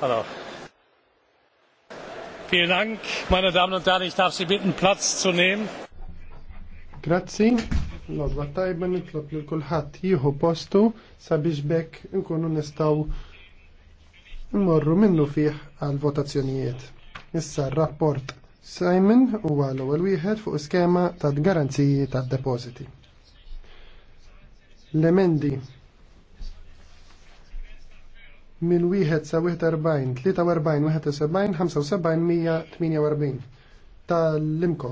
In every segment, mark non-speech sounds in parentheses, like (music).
Hallo. Vielen Dank, meine Damen und Herren. Ich darf Sie bitten, Platz zu nehmen. Grazzi. L-odba tajba nitlob li kulħadd jieħu postu sabiex bekk nkunu nistgħu mmorru minnu fih għal votazzjonijiet. Issa r-rapport Simon huwa l-ewwel wieħed fuq skema ta' garanziji tad-depożiti. L-emendi minn wieħed sa 41, 43, 71, 75, 148 tal-imko.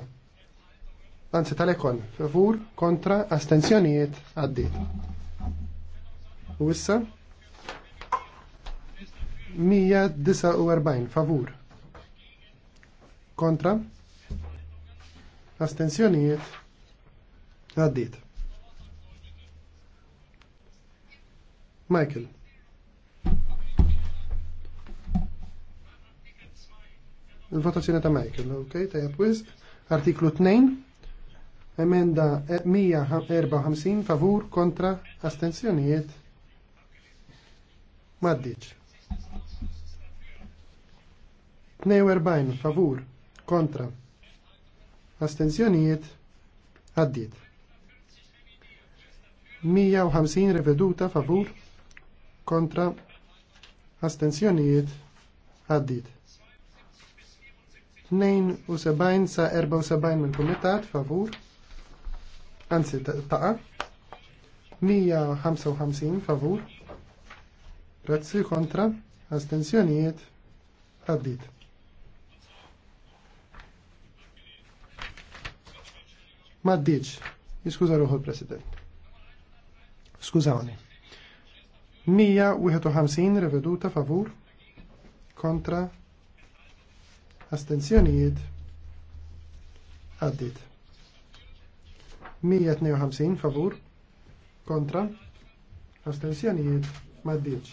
Anzi tal-ekon, favur, kontra, astensjonijiet, għaddit. U issa? 149, favur. Kontra, astensjonijiet, għaddit. Michael. Il-votazzjoni ta' Michael, ok, ta' jabwiz. Artiklu 2, emenda 154 favur kontra astenzjonijiet. Maddiċ. 42 favur kontra astenzjonijiet għaddiet. 150 reveduta favur kontra astensjonijiet għaddit. 72 sa 74 mill-kumitat favur, anzi taqa, 155 favur, razzi kontra, astensjonijiet, għaddit. Maddiċ, jiskuza ruħu l-President. Skużawni. 151 reveduta favur kontra astenzjonijiet għaddit 152 favur kontra astenzjonijiet maddiċ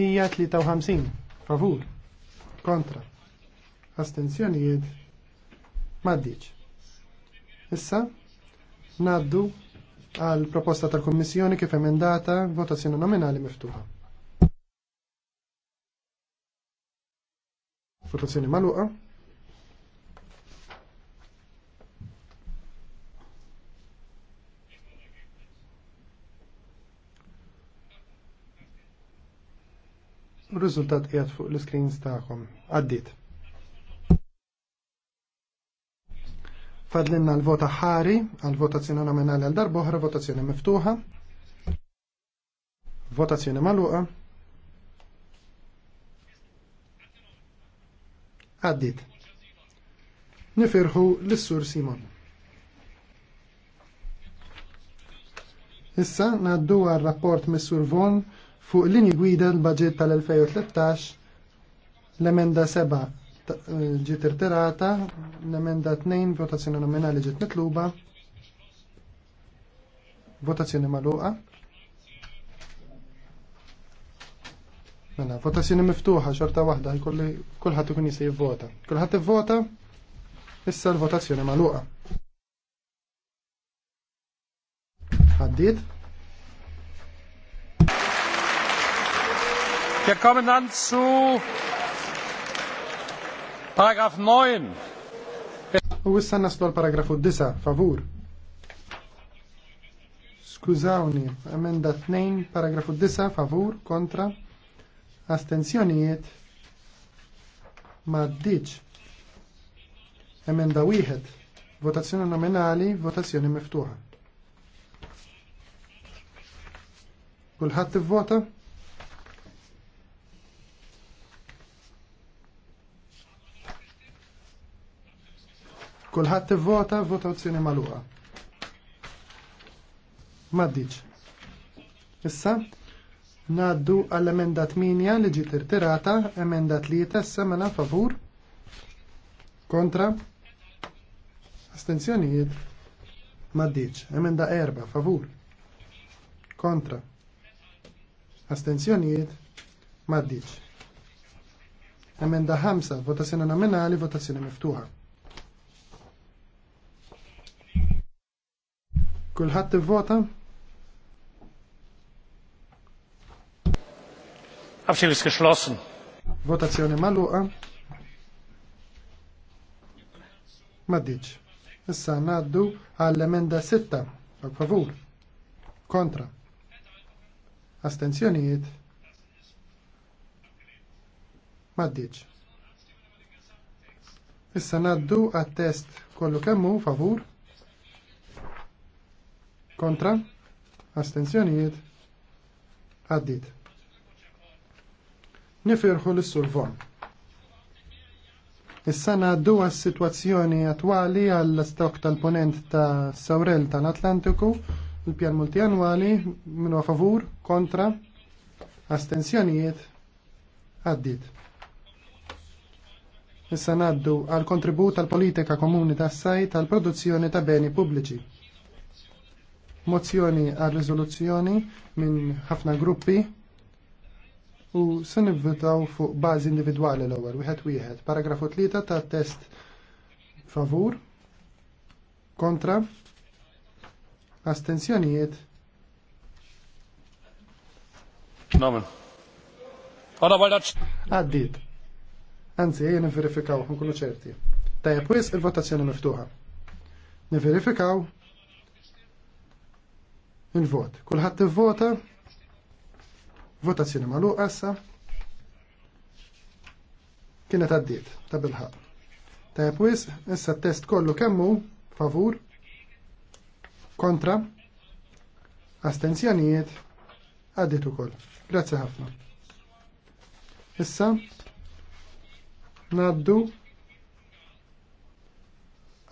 153 favur kontra astenzjonijiet maddiċ issa naddu għal proposta tal-Kommissjoni kif emendata votazzjoni nominali miftuħa. Votazzjoni maluqa. Rizultat qiegħed fuq l-iscreens tagħkom. Għaddiet. Fadlinna l-vota ħari għal-votazzjoni nominali għal oħra, votazzjoni miftuħa. Votazzjoni maluqa. Għaddit. Nifirħu l-Sur Simon. Issa naddu għal rapport mis-Sur Von fuq l-ini gwida l bagġet tal-2013 l-emenda 7 ġiet l-emenda 2 votazzjoni nominali ġiet mitluba. Votazzjoni magħluqa. Mela, votazzjoni miftuħa xorta waħda kulħadd ikun jista' jivvota. Kulħadd ivvota issa l-votazzjoni magħluqa. Ħaddiet. Wir kommen dann zu Paragraph 9. U wissa naslu għal paragrafu 9, favur. Skużawni, emenda 2, paragrafu 9, favur, kontra, astenzjonijiet, maddiċ. Emenda 1, votazzjoni nominali, votazzjoni miftuħa. Kulħadd t vota Kulħadd ivvota votazzjoni magħluqa. Maddiċ. Issa ngħaddu għall-emenda 8 li ġiet tirtirata, emenda li jitessa mela favur. Kontra. Astenzjonijiet. Maddiċ. Emenda erba' favur. Kontra. Astenzjonijiet. Maddiċ. Emenda 5 votazzjoni nominali, votazzjoni miftuħa. Kulħadd ivvota? Abschilis geschlossen. Votazzjoni magħluqa. Maddiċ. Issa ngħaddu għall-emenda 6. Għal favur. Kontra. Astenzjonijiet. Maddiċ. Issa ngħaddu għat-test kollu kemmu favur. Kontra? Astenzjonijiet? Għaddit. Nifirħu l-sur von. Is-sena għaddu għas-situazzjoni attwali għall-stok tal-ponent ta' Saurel tal-Atlantiku, il-pjan multianwali, minu favur, kontra, astenzjonijiet? għaddit. Issa naddu għal kontribut tal politika komuni tas-sajt tal-produzzjoni ta' beni pubbliċi mozzjoni għal riżoluzzjoni minn ħafna gruppi u se nivvitaw fuq bażi individwali l-ewwel wieħed wieħed. Paragrafu tlieta ta' test favur, kontra, astensjonijiet. Namen. Għana bħaldaċ. Għaddit. Anzi, jien verifikaw, kullu ċerti. Tajja, pwis il-votazzjoni miftuħa. Niverifikaw il-vot. Kulħadd ivvota. Votazzjoni magħluq issa. Kienet għaddiet ta' bilħaq. Tajb wis, issa test kollu kemmu favur kontra astenzjonijiet għaddit ukoll. Grazzi ħafna. Issa naddu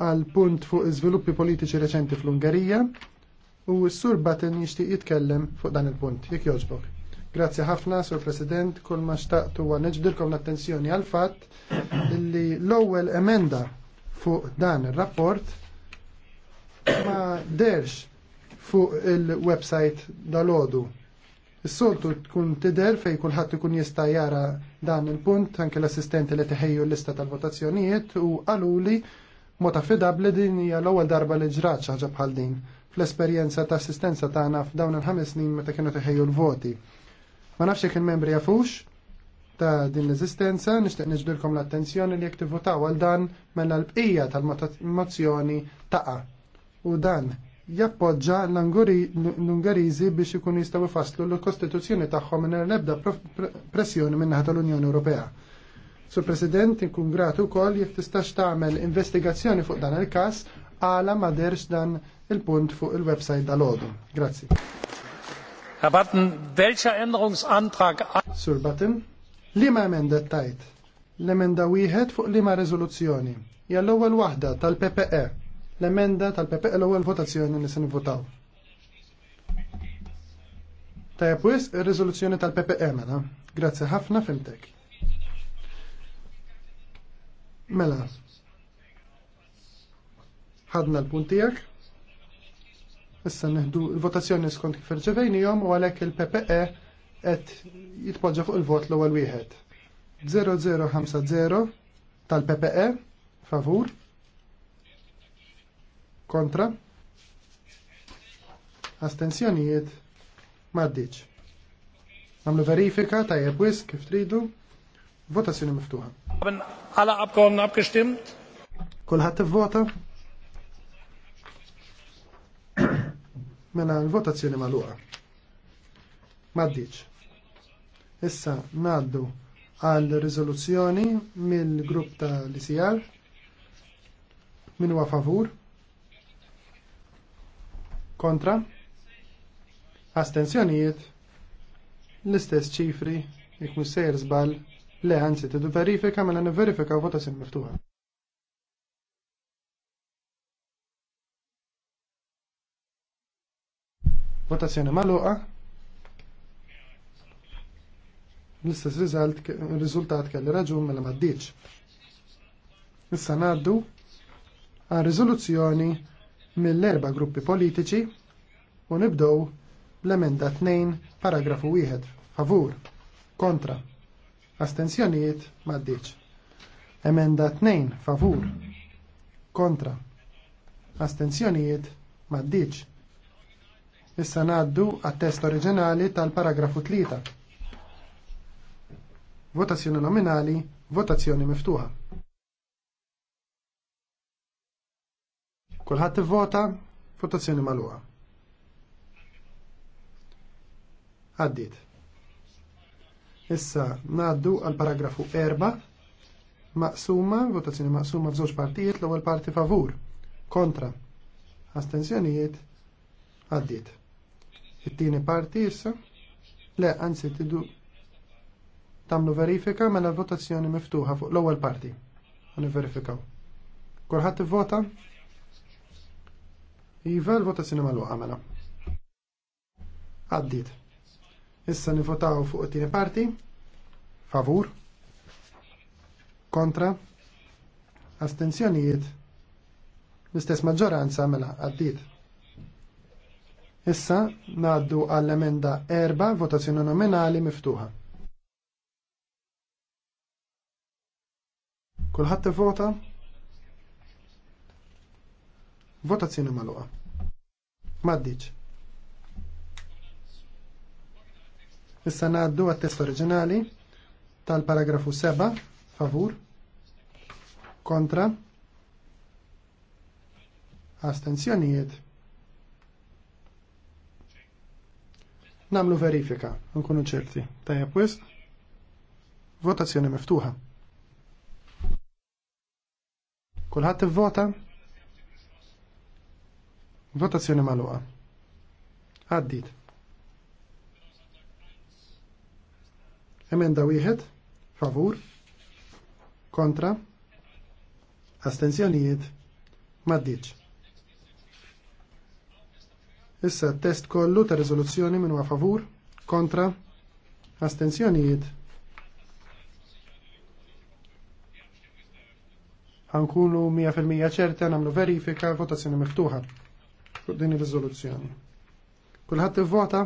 għal punt fuq iżviluppi politiċi reċenti fl-Ungerija u s-sur Batten jixtieq jitkellem fuq dan il-punt, jekk jogħġbok. Grazzi ħafna, Sur President, kull ma xtaqtu għan neġdilkom l-attenzjoni għal fatt li l-ewwel emenda fuq dan ir-rapport ma derx fuq il-website dal-ħodu Is-soltu tkun tidher fejn kulħadd ikun jista' jara dan il-punt anke l-assistenti li teħejju l-lista tal-votazzjonijiet u qaluli mota affidabbli din hija l-ewwel darba li ġrat ħaġa bħal din fl-esperjenza ta' assistenza tagħna f'dawn il-ħames snin meta kienu teħejju l-voti. Ma nafx kien il-membri jafux ta' din l esistenza nixtieq niġbirkom l-attenzjoni li jekk tivvotaw għal dan mela l-bqija tal-mozzjoni taqa' u dan jappoġġa l ungarizi biex ikun jistgħu ifasslu l-Kostituzzjoni tagħhom minn l-ebda pressjoni minn naħa tal-Unjoni Ewropea. Sur President, inkun gratu kol jekk tistax tagħmel investigazzjoni fuq dan il-każ għala ma derx dan il-punt fuq il-website dal-ħodu. Grazzi. Herr Batten, welcher Änderungsantrag... Sur Batten, lima emenda tajt? L-emenda wieħed fuq lima rezoluzzjoni. Jall-ewwel waħda tal-PPE. L-emenda tal-PPE l-ewwel votazzjoni li se nivvotaw. Tajab wis, il rezoluzzjoni tal-PPE mela. Grazie ħafna fimtek. Mela. Ħadna l-puntijak. Issa neħdu il votazzjoni skont kif jom u għalhekk il-PPE qed jitpoġġa fuq il-vot l-ewwel wieħed. 0050 tal-PPE favur kontra astensjonijiet maddiċ. Namlu verifika tajjeb jebwis kif tridu. Votazzjoni miftuħa. Għala alle Abgeordneten abgestimmt? Kulħadd vota Mela l-votazzjoni magħluqa. Maddiċ. Issa ngħaddu għal riżoluzzjoni mill-grupp ta' l-ICR. Min huwa favur? Kontra? Astenzjonijiet? L-istess ċifri, jek sejr żball, le anzi tidu verifika mela u votazzjoni miftuħa. Votazzjoni maluqa. L-istess riżultat kelli raġun mela maddiċ. Issa naddu għal riżoluzzjoni mill-erba gruppi politiċi u nibdow l-emenda 2 paragrafu 1 favur kontra astenzjonijiet maddiċ emenda 2 favur kontra astenzjonijiet maddiċ Issa ngħaddu għat-test oriġinali tal-paragrafu 3. Votazzjoni nominali, votazzjoni miftuħa. Kulħadd ivvota, votazzjoni magħluqa. Għaddiet. Issa ngħaddu għal paragrafu 4 maqsuma, votazzjoni maqsuma f'żewġ partijiet, l-ewwel parti favur, kontra, astensjonijiet, għaddiet. It-tieni parti issa? Le, anzi tidu tamlu verifika mela votazzjoni miftuħa fuq l-ewwel parti. Għan verifikaw. Kulħadd vota Iva l-votazzjoni magħluqa mela. Għaddit. Issa nivotaw fuq it-tieni parti. Favur. Kontra. Astenzjonijiet. L-istess maġġoranza mela għaddiet. Issa naddu għall-emenda erba' votazzjoni nominali miftuħa. Kulħadd vota? Votazzjoni magħluqa. Maddiċ. Issa naddu għat-test oriġinali tal-paragrafu 7, favur, kontra, astenzjonijiet. Namlu verifika, nkunu ċerti. Tajja pwis? Votazzjoni miftuħa. Kulħadd ivvota? Votazzjoni magħluqa. Għaddit. Emenda wieħed, favur, kontra, astenzjonijiet, maddiċ. Issa test kollu ta' rezoluzzjoni minn huwa favur, kontra, astenzjonijiet. Ħankunu 100% ċerta nagħmlu verifika votazzjoni miftuħa fuq din ir-riżoluzzjoni. Kulħadd ivvota?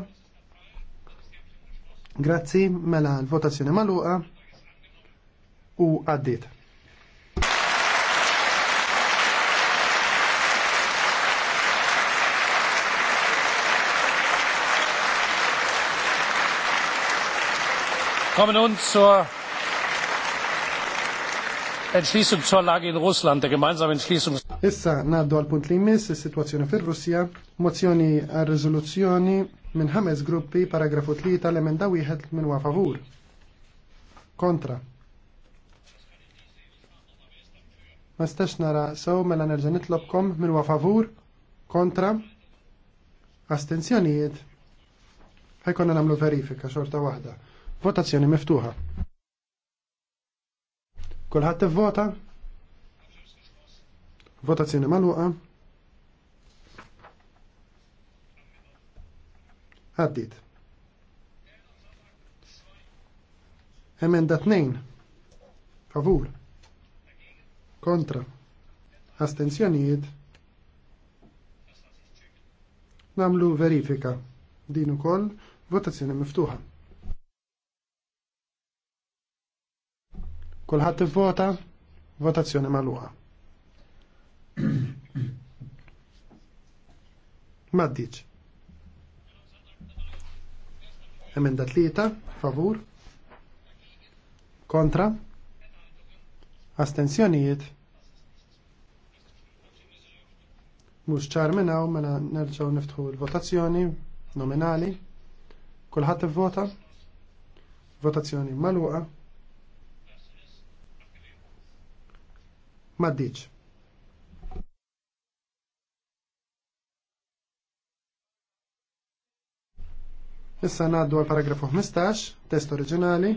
Grazzi, mela l-votazzjoni magħluqa u għaddiet. kommen nun zur Entschließung zur Lage in Russland, der gemeinsamen Entschließung. Issa naddu għal punt li jmiss is-sitwazzjoni fir-Russja, mozzjoni għal rezoluzzjoni minn ħames gruppi paragrafu 3 tal-emenda wieħed minn huwa favur. Kontra. Ma stax nara sew mela nerġa' nitlobkom minn huwa favur, kontra, astenzjonijiet. Ħajkonna nagħmlu verifika xorta waħda. Votazzjoni miftuħa. Kulħadd vota? Votazzjoni magħluqa. Għaddit. Emenda 2. Favur. Kontra. Astenzjonijiet. Namlu verifika. Din ukoll votazzjoni miftuħa. Kulħadd vota votazzjoni magħluqa. (clears throat) Maddiċ. Emenda tlieta, favur. Kontra. Astenzjonijiet. Mux ċar minnaw, mela nerġaw niftħu l-votazzjoni nominali. Kulħadd ivvota. Votazzjoni maluqa. Maddiċ. Issa naddu għal paragrafu 15, test oriġinali.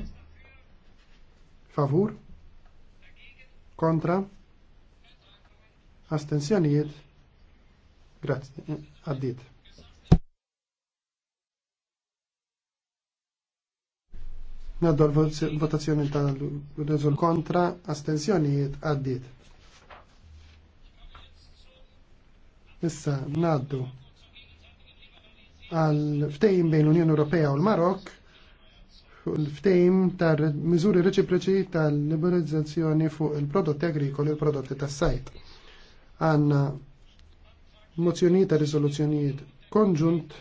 Favur. Kontra. Astensjonijiet? Grazie. Eh, Addit. Naddu għal votazzjoni tal-rezol kontra. astensjonijiet. Addit. Issa naddu għal ftehim bejn l-Unjoni Ewropea u l-Marok l ftejim tar miżuri reċiproċi tal-liberalizzazzjoni fuq il-prodotti agrikoli u l-prodotti tas-sajt. Għanna mozzjonijiet ta' riżoluzzjonijiet konġunt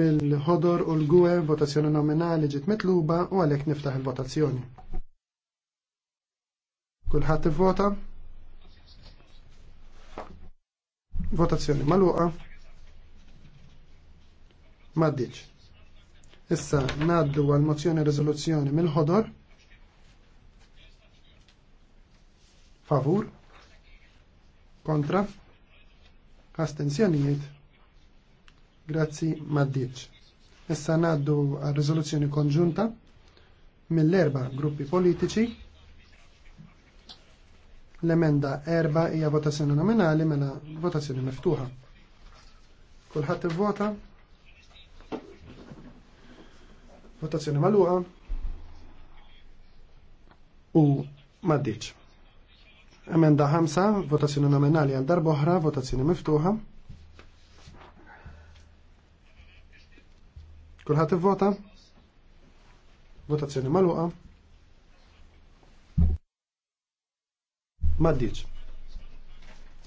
mill-ħodor u l-gwe votazzjoni nominali ġiet mitluba u għalhekk niftaħ il-votazzjoni. Kulħadd ivvota? Votazzjoni maluqa. Maddiċ. Issa naddu għal mozzjoni e rezoluzzjoni mill-ħodor. Favur. Kontra. Astenzjonijiet. Grazzi maddiċ. Issa naddu għal rezoluzzjoni konġunta mill-erba gruppi politiċi L-emenda erba hija votazzjoni nominali mela votazzjoni miftuħa. Kulħadd ivvota. Votazzjoni magħluqa. U m'għaddiċ. Emenda ħamsa, votazzjoni nominali għal darba oħra, votazzjoni miftuħa. Kulħadd ivvota. Votazzjoni magħluqa. Maddiċ.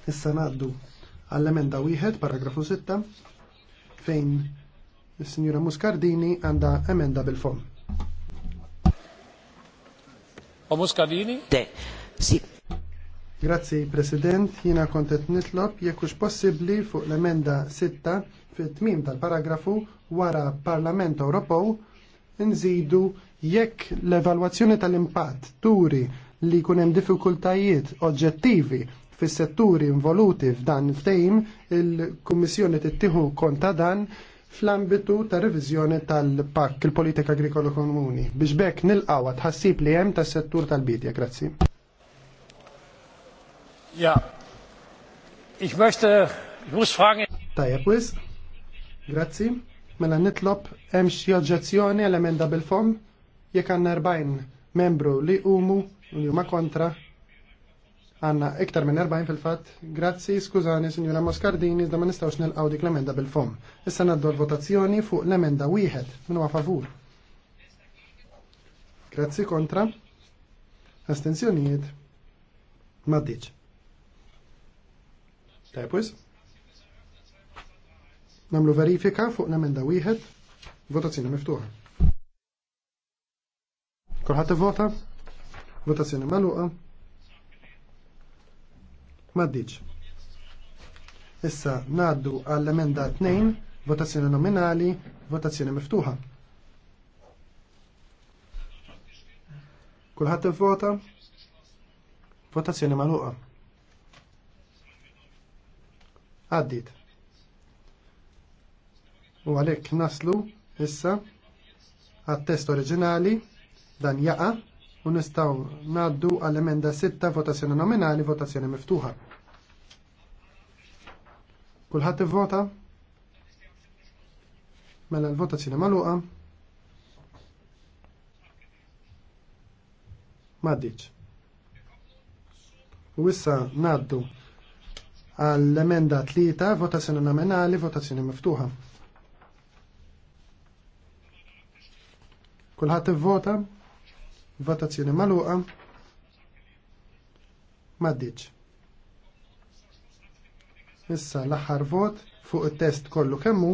Issa naddu għall-emenda wieħed, paragrafu 6, fejn il-Sinjura Muscardini għanda emenda bil-fom. O Muscardini? De, si. Grazzi, President, jina kontet nitlob jekux possibli fuq l-emenda 6 fit-tmim tal-paragrafu wara Parlament Ewropew nżidu jekk l-evalwazzjoni tal-impatt turi li jkun hemm diffikultajiet oġġettivi fis-setturi involuti f'dan il-ftehim, il-Kummissjoni tittieħu konta dan fl-ambitu ta' reviżjoni tal-PAK, il-Politika Agrikola Komuni, biex bekk nilqawa tħassib li hemm tas-settur tal-bidja. Grazzi. Ja, ich möchte, ich muss fragen. Tajja kwis. Grazzi. Mela nitlob hemm xi oġġezzjoni għall-emenda bil-fom jekk għandna 40 membru li umu u li huma kontra għanna iktar minn 40 fil-fat. Grazzi, skużani, Signora Moscardini, da ma nistawx nilqaw dik l-emenda bil-fom. Issa naddu l-votazzjoni fuq l-emenda wieħed minn huwa favur. Grazzi kontra. Astenzjonijiet. Maddiċ. Tajpwis. Namlu verifika fuq l-emenda wieħed. Votazzjoni miftuħa. Kolħat vota? Votazzjoni maluqa. Maddiċ. Issa naddu għall-emenda 2, votazzjoni nominali, votazzjoni miftuħa. Kulħadd ivvota? Votazzjoni magħluqa. Għaddit. U għalhekk naslu issa għat-test oriġinali dan jaqa' u nistaw naddu għall-emenda 6 votazzjoni nominali votazzjoni miftuħa. Kulħadd ivvota? Mela l-votazzjoni magħluqa. Maddiċ. U issa naddu għall-emenda 3 votazzjoni nominali votazzjoni miftuħa. Kulħadd ivvota? vota Votazzjoni maluqa. Maddiċ. Issa l-aħħar vot fuq it-test kollu kemmu.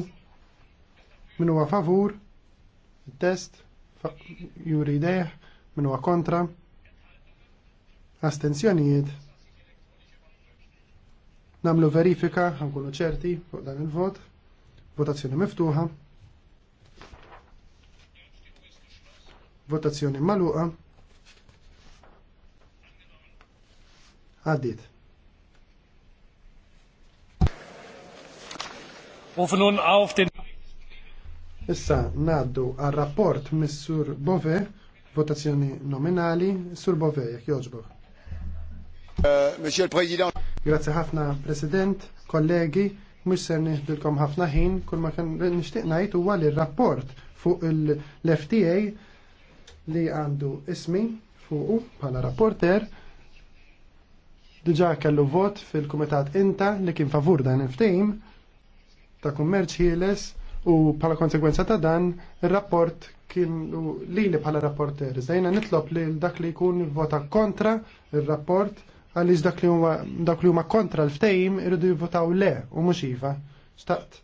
Min huwa favur, it-test, juri deħ, min huwa kontra, astenzjonijiet. Namlu verifika, ħankunu ċerti fuq dan il-vot, votazzjoni miftuħa. Votazzjoni maluqa. Għaddit. Ufnun għaw ftin. Issa naddu għal rapport mis-sur Bove, votazzjoni nominali, sur Bove, jek joġbu. Uh, Monsieur President. Grazie ħafna, President, kollegi, mux ser nħidilkom ħafna ħin, kull ma kan nishtiq najt u għal rapport fuq l-FTA li għandu ismi fuqu bħala rapporter diġa kellu vot fil-Kumitat Inta li kien favur dan il-ftejm ta' kummerċ ħieles u bħala konsekwenza ta' dan il-rapport kien li li bħala rapporter. Zdajna nitlob li dak li jkun vota kontra il-rapport għaliex dak li huma kontra l-ftejm irridu jivvotaw le u mhux iva. Staqt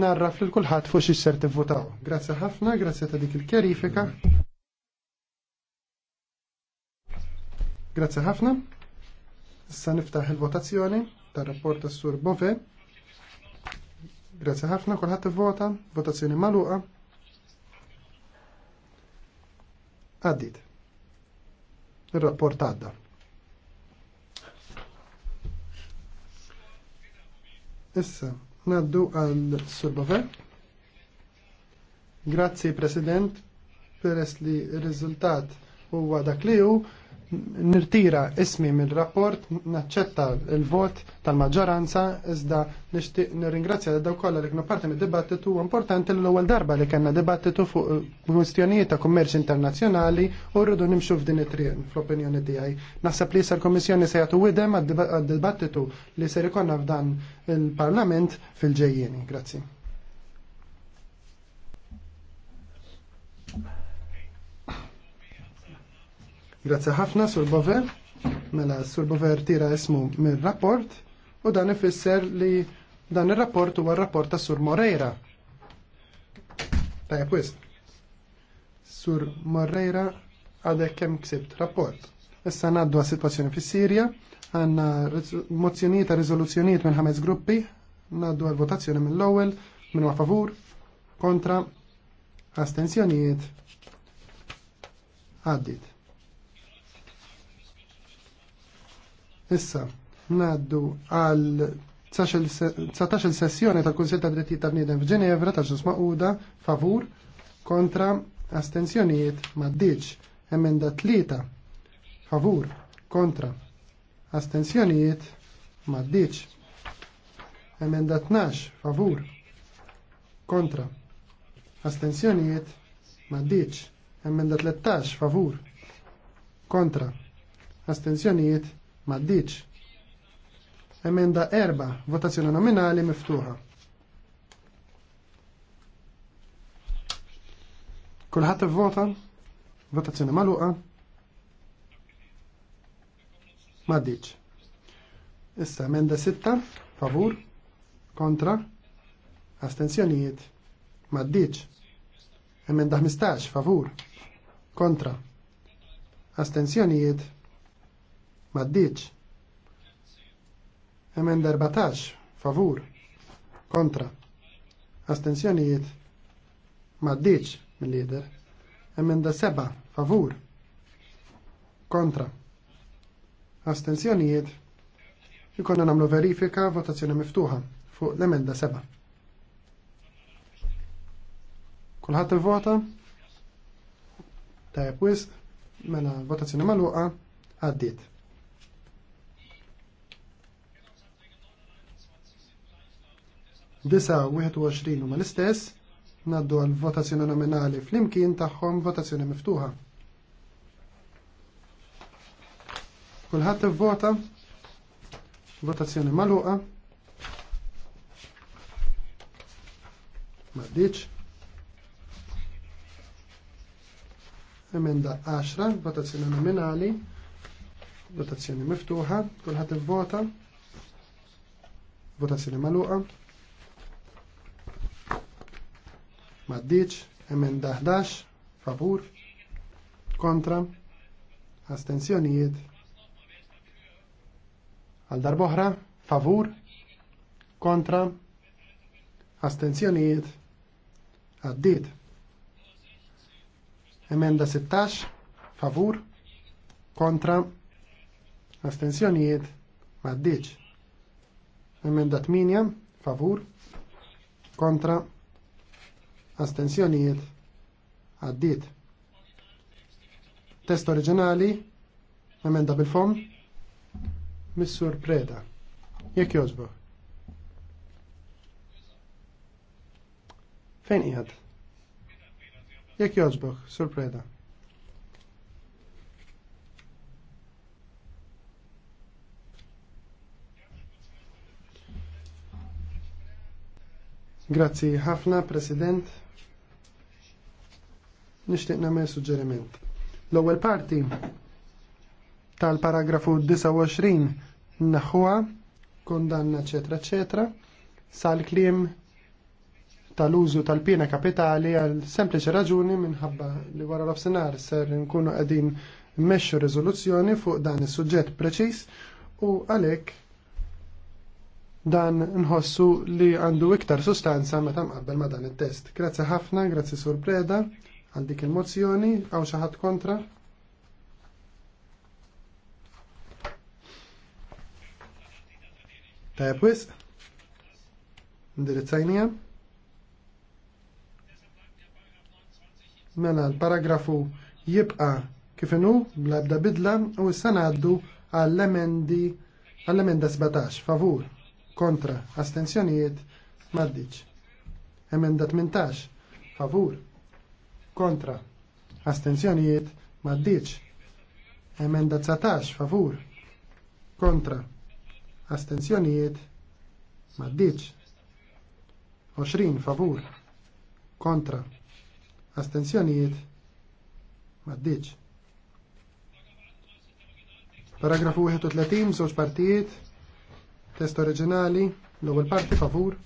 narraf fil kulħadd fuq xi ser tivvotaw. Grazzi ħafna, grazzi ta' dik il-kjarifika. Grazzi ħafna. Issa niftaħ il-votazzjoni tar-rapport tas-Sur Bove. Grazzi ħafna, kulħadd ivvota, votazzjoni magħluqa. Għaddit. Ir-rapport għadda. Issa, naddu għal Sur Bove. Grazzi President, peress li r-riżultat huwa dak li hu nirtira ismi mill-rapport, naċċetta il-vot tal-maġġoranza, iżda nixtieq nirringrazzja da kollha li kienu parti mid-dibattitu importanti l ewwel darba li kellna dibattitu fuq kwistjonijiet ta' kummerċ internazzjonali u rridu nimxu f'din it-triq fl-opinjoni tiegħi. Naħseb li issa l-Kummissjoni se jagħtu widem għad-dibattitu li ser ikonna f'dan il-Parlament fil-ġejjieni. Grazzi. Grazzi ħafna Sur Bover, mela Sur Bover tira ismu minn rapport u dan ifisser li dan il-rapport huwa r-rapport ta' Sur Moreira. Ta' jepwis. Sur Moreira għadek kemm ksibt rapport. Issa ngħaddu għas situazzjoni fis-Sirja, għandna mozzjonijiet ta' riżoluzzjonijiet minn ħames gruppi, ngħaddu għal-votazzjoni mill-ewwel, minn huwa favur, kontra, astensjonijiet, għaddit. Issa, naddu għal 19 sessjoni tal-Kunsil ta' Drittijiet ta' bnidem f'Ġenevra ta' ġus maquda favur kontra astensjonijiet maddiċ. Emenda tlieta favur kontra astensjonijiet maddiċ. Emenda tnax favur kontra astensjonijiet maddiċ. Emenda 13 favur kontra astensjonijiet maddiċ. Emenda erba, votazzjoni nominali miftuħa. Kulħadd ivvota, votazzjoni magħluqa. Maddiċ. Issa emenda sitta, favur, kontra, astenzjonijiet, maddiċ. Emenda 15, favur, kontra, astenzjonijiet, maddiċ. Emenda 14, favur, kontra. Astenzjonijiet, maddiċ mill-lider. Emenda seba, favur, kontra. Astenzjonijiet, jikonna namlu verifika votazzjoni miftuħa fuq l-emenda seba. Kulħat il-vota? Tajab wisq, mela votazzjoni maluqa, għaddit. 29 u huma l-istess, naddu għal votazzjoni nominali fl-imkien tagħhom votazzjoni miftuħa. Kulħadd ivvota, votazzjoni magħluqa. Maddiċ. Emenda 10, votazzjoni nominali, votazzjoni miftuħa, kulħadd ivvota, votazzjoni magħluqa. Maddiċ, emenda 11, favur, kontra, astensjonijiet. Għal darboħra, favur, kontra, astensjonijiet, għaddit. Emenda 16, favur, kontra, astensjonijiet, maddiċ. Emenda 8, favur, kontra, astensjonijiet astensjonijiet għaddit. Test oriġinali, emenda bil-fom, Missur Preda. Jek jozbu? Fejn jgħad? Jek jozbu, Sur Preda. Grazzi ħafna, President nixtieq nagħmel suġġeriment. L-ewwel parti tal-paragrafu 29 naħwa kondanna eċetera eċetera sal-kliem tal-użu tal-pina kapitali għal sempliċi raġuni minħabba li wara l-ofsenar ser nkunu għedin meċu rezoluzzjoni fuq dan is suġġett preċis u għalek dan nħossu li għandu iktar sustanza meta mqabbel ma dan it-test. Grazzi ħafna, grazzi Sur Preda, għal dik il-mozzjoni għaw xaħat kontra. Tajab wis, ndirizzajnija. Mela l-paragrafu jibqa kifinu bla ebda bidla u s-sana għaddu għall-emendi għall-emenda 17 favur kontra astenzjonijiet maddiċ. Emenda 18 favur kontra, astenzjonijiet maddiċ. Emenda 19 favur, kontra, astenzjonijiet maddiċ. 20 favur, kontra, astenzjonijiet maddiċ. Paragrafu 31, żewġ partijiet, test oriġinali, l-ewwel parti favur,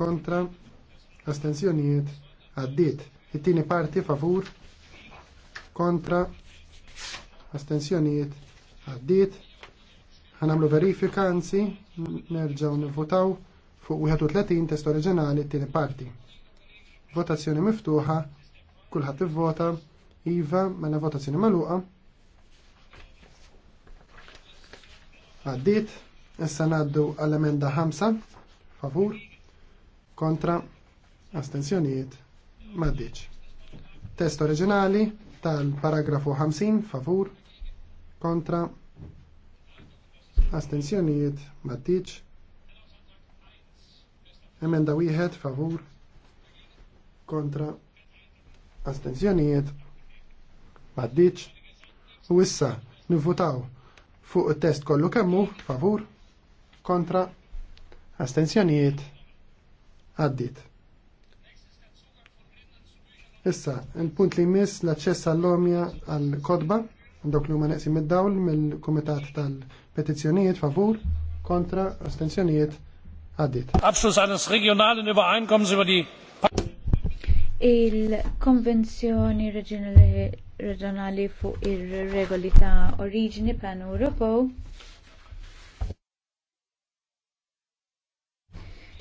kontra, astensjonijiet, għaddiet. It-tieni parti favur kontra astensjonijiet għaddiet. Ħanamlu verifika anzi nerġgħu nivvotaw fuq 31 test oriġinali it tieni parti. Votazzjoni miftuħa, kulħadd ivvota, iva mela votazzjoni magħluqa. Għaddiet, issa ngħaddu għall-emenda 5, favur, kontra, astensjonijiet maddiċ. Test oriġinali tal-paragrafu 50 favur kontra astensjonijiet maddiċ. Emenda wieħed favur kontra astensjonijiet maddiċ. U issa nivvutaw fuq il-test kollu kemmu favur kontra astensjonijiet għaddit. Issa, il-punt li jmiss l-aċċess għall-omja għall-kodba, dok li huma neqsi mid-dawl mill-Kumitat tal-Petizzjonijiet favur kontra astenzjonijiet għaddit. Abschluss eines regionalen Übereinkommens über die il-Konvenzjoni Regionali fuq ir-regoli ta' oriġini pan-Ewropew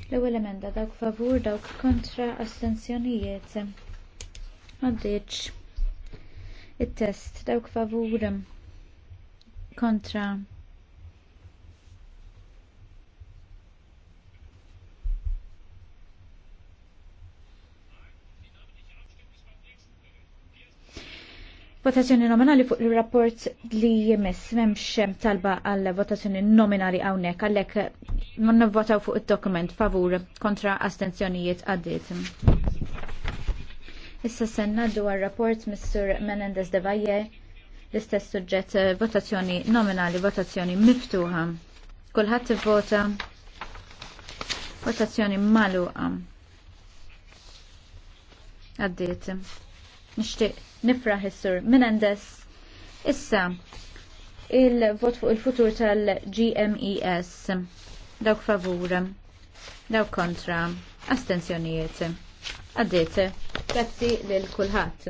l-ewwel emenda dawk favur dawk kontra astenzjonijiet Maddiċ. Il-test dawk favur kontra Votazzjoni nominali fuq il-rapport li jemess memx talba għal votazzjoni nominali għawnek għallek ma nivvotaw fuq il-dokument favur kontra astenzjonijiet għaddit. Issa senna dwar rapport Mr. Menendez de Valle l-istess suġġett eh, votazzjoni nominali, votazzjoni miftuħa. Kulħadd ivvota votazzjoni magħluqa. Għaddiet. Nixtieq nifraħ is-sur Menendez. Issa il-vot fuq il-futur tal-GMES. Dawk favur, dawk kontra, astenzjonijiet. Għaddiet. Grazzi lil kulħadd.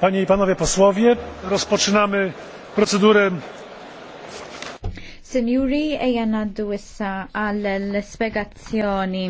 Panie i panowie posłowie, rozpoczynamy procedurę. Signori, eja naddu issa għall-spiegazzjoni